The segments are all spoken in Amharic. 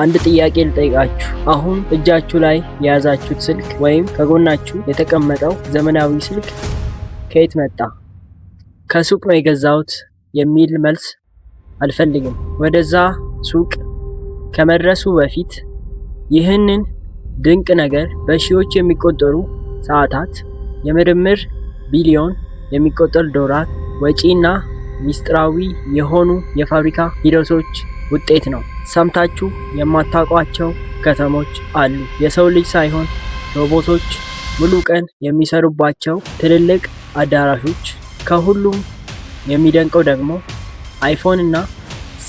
አንድ ጥያቄ ልጠይቃችሁ። አሁን እጃችሁ ላይ የያዛችሁት ስልክ ወይም ከጎናችሁ የተቀመጠው ዘመናዊ ስልክ ከየት መጣ? ከሱቅ ነው የገዛሁት የሚል መልስ አልፈልግም። ወደዛ ሱቅ ከመድረሱ በፊት ይህንን ድንቅ ነገር በሺዎች የሚቆጠሩ ሰዓታት፣ የምርምር ቢሊዮን የሚቆጠር ዶላር ወጪና ሚስጥራዊ የሆኑ የፋብሪካ ሂደቶች ውጤት ነው። ሰምታችሁ የማታውቋቸው ከተሞች አሉ። የሰው ልጅ ሳይሆን ሮቦቶች ሙሉ ቀን የሚሰሩባቸው ትልልቅ አዳራሾች። ከሁሉም የሚደንቀው ደግሞ አይፎን እና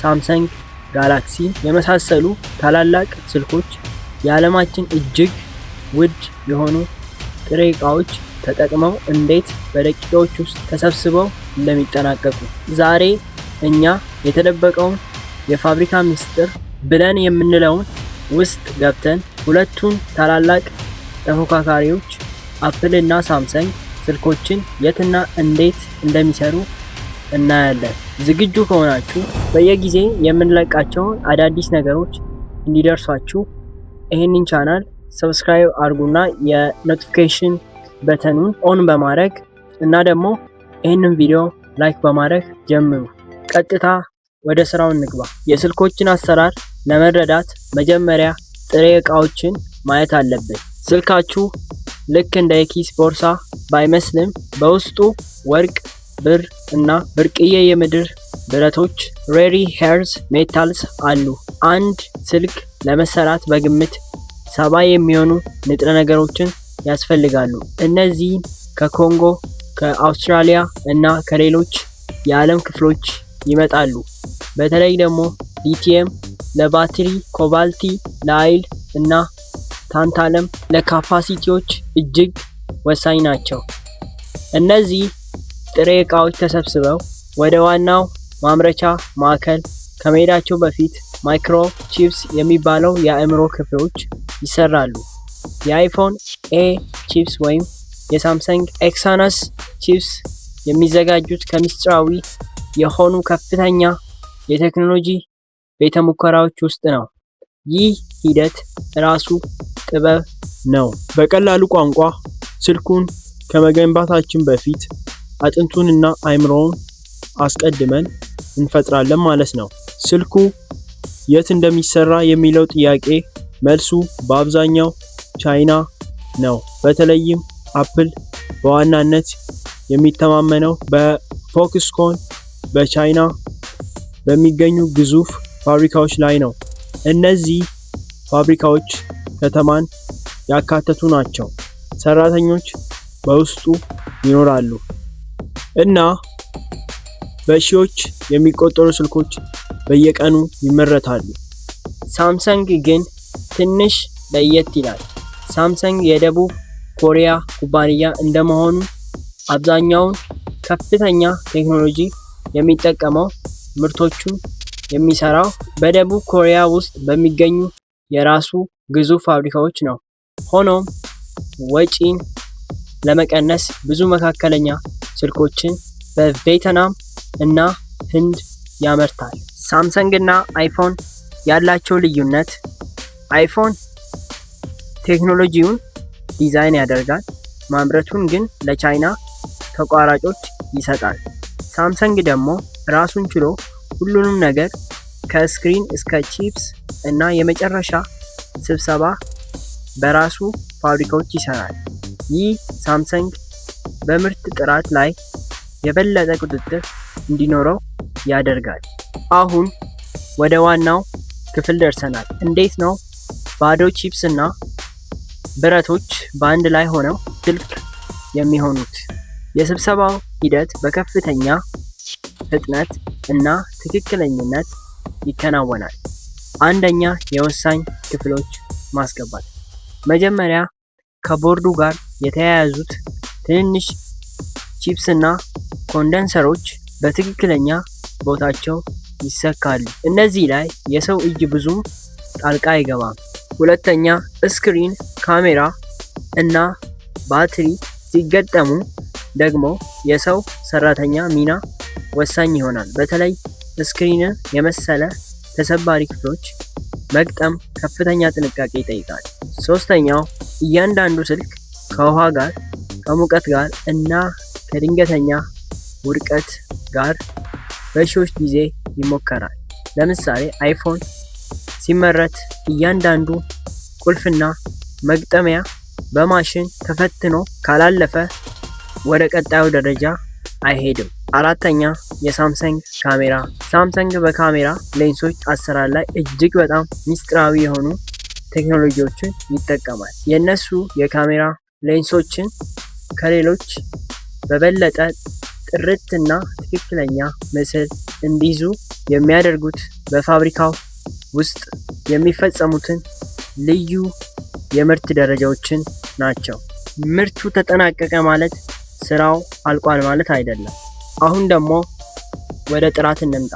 ሳምሰንግ ጋላክሲ የመሳሰሉ ታላላቅ ስልኮች የዓለማችን እጅግ ውድ የሆኑ ጥሬ ዕቃዎች ተጠቅመው እንዴት በደቂቃዎች ውስጥ ተሰብስበው እንደሚጠናቀቁ ዛሬ እኛ የተደበቀውን የፋብሪካ ምስጢር ብለን የምንለውን ውስጥ ገብተን ሁለቱን ታላላቅ ተፎካካሪዎች አፕል እና ሳምሰንግ ስልኮችን የትና እንዴት እንደሚሰሩ እናያለን። ዝግጁ ከሆናችሁ በየጊዜ የምንለቃቸውን አዳዲስ ነገሮች እንዲደርሷችሁ ይህንን ቻናል ሰብስክራይብ አድርጉና የኖቲፊኬሽን በተኑን ኦን በማድረግ እና ደግሞ ይህንን ቪዲዮ ላይክ በማድረግ ጀምሩ። ቀጥታ ወደ ስራው እንግባ። የስልኮችን አሰራር ለመረዳት መጀመሪያ ጥሬ እቃዎችን ማየት አለብን። ስልካችሁ ልክ እንደ የኪስ ቦርሳ ባይመስልም በውስጡ ወርቅ፣ ብር እና ብርቅዬ የምድር ብረቶች ሬሪ ሄርዝ ሜታልስ አሉ። አንድ ስልክ ለመሰራት በግምት ሰባ የሚሆኑ ንጥረ ነገሮችን ያስፈልጋሉ። እነዚህም ከኮንጎ፣ ከአውስትራሊያ እና ከሌሎች የዓለም ክፍሎች ይመጣሉ። በተለይ ደግሞ ሊቲየም ለባትሪ ኮባልቲ ለአይል እና ታንታለም ለካፓሲቲዎች እጅግ ወሳኝ ናቸው። እነዚህ ጥሬ እቃዎች ተሰብስበው ወደ ዋናው ማምረቻ ማዕከል ከመሄዳቸው በፊት ማይክሮ ቺፕስ የሚባለው የአእምሮ ክፍሎች ይሰራሉ። የአይፎን ኤ ቺፕስ ወይም የሳምሰንግ ኤክሳናስ ቺፕስ የሚዘጋጁት ከሚስጥራዊ የሆኑ ከፍተኛ የቴክኖሎጂ ቤተ ሙከራዎች ውስጥ ነው። ይህ ሂደት ራሱ ጥበብ ነው። በቀላሉ ቋንቋ ስልኩን ከመገንባታችን በፊት አጥንቱንና አይምሮውን አስቀድመን እንፈጥራለን ማለት ነው። ስልኩ የት እንደሚሰራ የሚለው ጥያቄ መልሱ በአብዛኛው ቻይና ነው። በተለይም አፕል በዋናነት የሚተማመነው በፎክስኮን በቻይና በሚገኙ ግዙፍ ፋብሪካዎች ላይ ነው። እነዚህ ፋብሪካዎች ከተማን ያካተቱ ናቸው። ሰራተኞች በውስጡ ይኖራሉ እና በሺዎች የሚቆጠሩ ስልኮች በየቀኑ ይመረታሉ። ሳምሰንግ ግን ትንሽ ለየት ይላል። ሳምሰንግ የደቡብ ኮሪያ ኩባንያ እንደመሆኑ አብዛኛውን ከፍተኛ ቴክኖሎጂ የሚጠቀመው ምርቶቹ የሚሰራው በደቡብ ኮሪያ ውስጥ በሚገኙ የራሱ ግዙፍ ፋብሪካዎች ነው። ሆኖም ወጪን ለመቀነስ ብዙ መካከለኛ ስልኮችን በቬትናም እና ህንድ ያመርታል። ሳምሰንግ እና አይፎን ያላቸው ልዩነት አይፎን ቴክኖሎጂውን ዲዛይን ያደርጋል፣ ማምረቱን ግን ለቻይና ተቋራጮች ይሰጣል። ሳምሰንግ ደግሞ ራሱን ችሎ ሁሉንም ነገር ከስክሪን እስከ ቺፕስ እና የመጨረሻ ስብሰባ በራሱ ፋብሪካዎች ይሰራል። ይህ ሳምሰንግ በምርት ጥራት ላይ የበለጠ ቁጥጥር እንዲኖረው ያደርጋል። አሁን ወደ ዋናው ክፍል ደርሰናል። እንዴት ነው ባዶ ቺፕስ እና ብረቶች በአንድ ላይ ሆነው ስልክ የሚሆኑት? የስብሰባው ሂደት በከፍተኛ ፍጥነት እና ትክክለኝነት ይከናወናል። አንደኛ የወሳኝ ክፍሎች ማስገባት፣ መጀመሪያ ከቦርዱ ጋር የተያያዙት ትንንሽ ቺፕስና ኮንደንሰሮች በትክክለኛ ቦታቸው ይሰካሉ። እነዚህ ላይ የሰው እጅ ብዙም ጣልቃ አይገባም። ሁለተኛ ስክሪን፣ ካሜራ እና ባትሪ ሲገጠሙ ደግሞ የሰው ሰራተኛ ሚና ወሳኝ ይሆናል። በተለይ ስክሪንን የመሰለ ተሰባሪ ክፍሎች መግጠም ከፍተኛ ጥንቃቄ ይጠይቃል። ሶስተኛው እያንዳንዱ ስልክ ከውሃ ጋር፣ ከሙቀት ጋር እና ከድንገተኛ ውድቀት ጋር በሺዎች ጊዜ ይሞከራል። ለምሳሌ አይፎን ሲመረት እያንዳንዱ ቁልፍና መግጠሚያ በማሽን ተፈትኖ ካላለፈ ወደ ቀጣዩ ደረጃ አይሄድም። አራተኛ የሳምሰንግ ካሜራ። ሳምሰንግ በካሜራ ሌንሶች አሰራር ላይ እጅግ በጣም ሚስጥራዊ የሆኑ ቴክኖሎጂዎችን ይጠቀማል። የእነሱ የካሜራ ሌንሶችን ከሌሎች በበለጠ ጥርትና ትክክለኛ ምስል እንዲይዙ የሚያደርጉት በፋብሪካው ውስጥ የሚፈጸሙትን ልዩ የምርት ደረጃዎችን ናቸው። ምርቱ ተጠናቀቀ ማለት ስራው አልቋል ማለት አይደለም። አሁን ደግሞ ወደ ጥራት እንምጣ።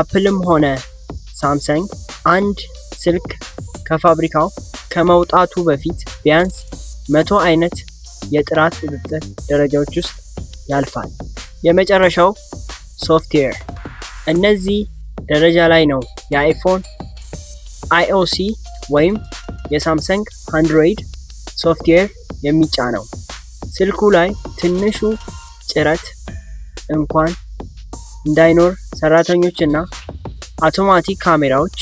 አፕልም ሆነ ሳምሰንግ አንድ ስልክ ከፋብሪካው ከመውጣቱ በፊት ቢያንስ መቶ አይነት የጥራት ቁጥጥር ደረጃዎች ውስጥ ያልፋል። የመጨረሻው ሶፍትዌር። እነዚህ ደረጃ ላይ ነው የአይፎን አይኦሲ ወይም የሳምሰንግ አንድሮይድ ሶፍትዌር የሚጫነው። ስልኩ ላይ ትንሹ ጭረት እንኳን እንዳይኖር ሰራተኞችና አውቶማቲክ ካሜራዎች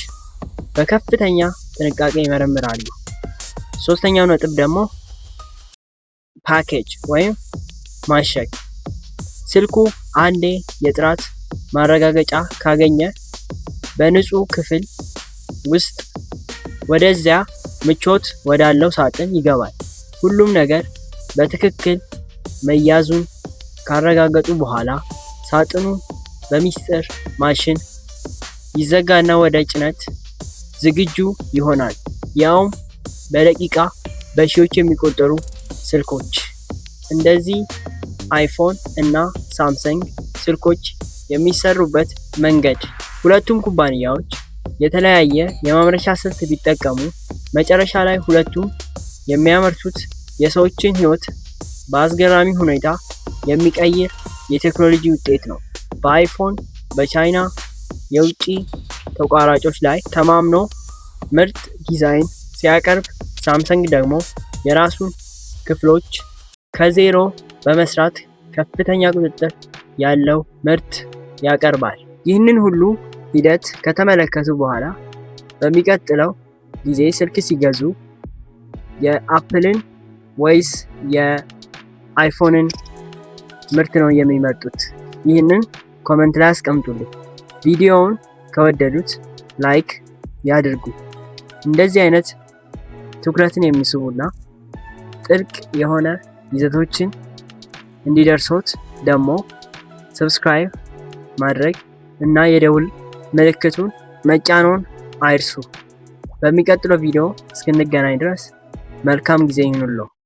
በከፍተኛ ጥንቃቄ ይመረምራሉ። ሶስተኛው ነጥብ ደግሞ ፓኬጅ ወይም ማሸግ። ስልኩ አንዴ የጥራት ማረጋገጫ ካገኘ በንጹህ ክፍል ውስጥ ወደዚያ ምቾት ወዳለው ሳጥን ይገባል። ሁሉም ነገር በትክክል መያዙን ካረጋገጡ በኋላ ሳጥኑ በሚስጥር ማሽን ይዘጋና ወደ ጭነት ዝግጁ ይሆናል። ያውም በደቂቃ በሺዎች የሚቆጠሩ ስልኮች። እንደዚህ አይፎን እና ሳምሰንግ ስልኮች የሚሰሩበት መንገድ ሁለቱም ኩባንያዎች የተለያየ የማምረቻ ስልት ቢጠቀሙ መጨረሻ ላይ ሁለቱም የሚያመርቱት የሰዎችን ህይወት በአስገራሚ ሁኔታ የሚቀይር የቴክኖሎጂ ውጤት ነው። በአይፎን በቻይና የውጭ ተቋራጮች ላይ ተማምኖ ምርጥ ዲዛይን ሲያቀርብ፣ ሳምሰንግ ደግሞ የራሱን ክፍሎች ከዜሮ በመስራት ከፍተኛ ቁጥጥር ያለው ምርት ያቀርባል። ይህንን ሁሉ ሂደት ከተመለከቱ በኋላ በሚቀጥለው ጊዜ ስልክ ሲገዙ የአፕልን ወይስ የአይፎንን ምርት ነው የሚመርጡት? ይህንን ኮመንት ላይ አስቀምጡልኝ። ቪዲዮውን ከወደዱት ላይክ ያድርጉ። እንደዚህ አይነት ትኩረትን የሚስቡና ጥልቅ የሆነ ይዘቶችን እንዲደርሶት ደግሞ ሰብስክራይብ ማድረግ እና የደውል ምልክቱን መጫኖን አይርሱ። በሚቀጥለው ቪዲዮ እስክንገናኝ ድረስ መልካም ጊዜ ይሁንልዎ።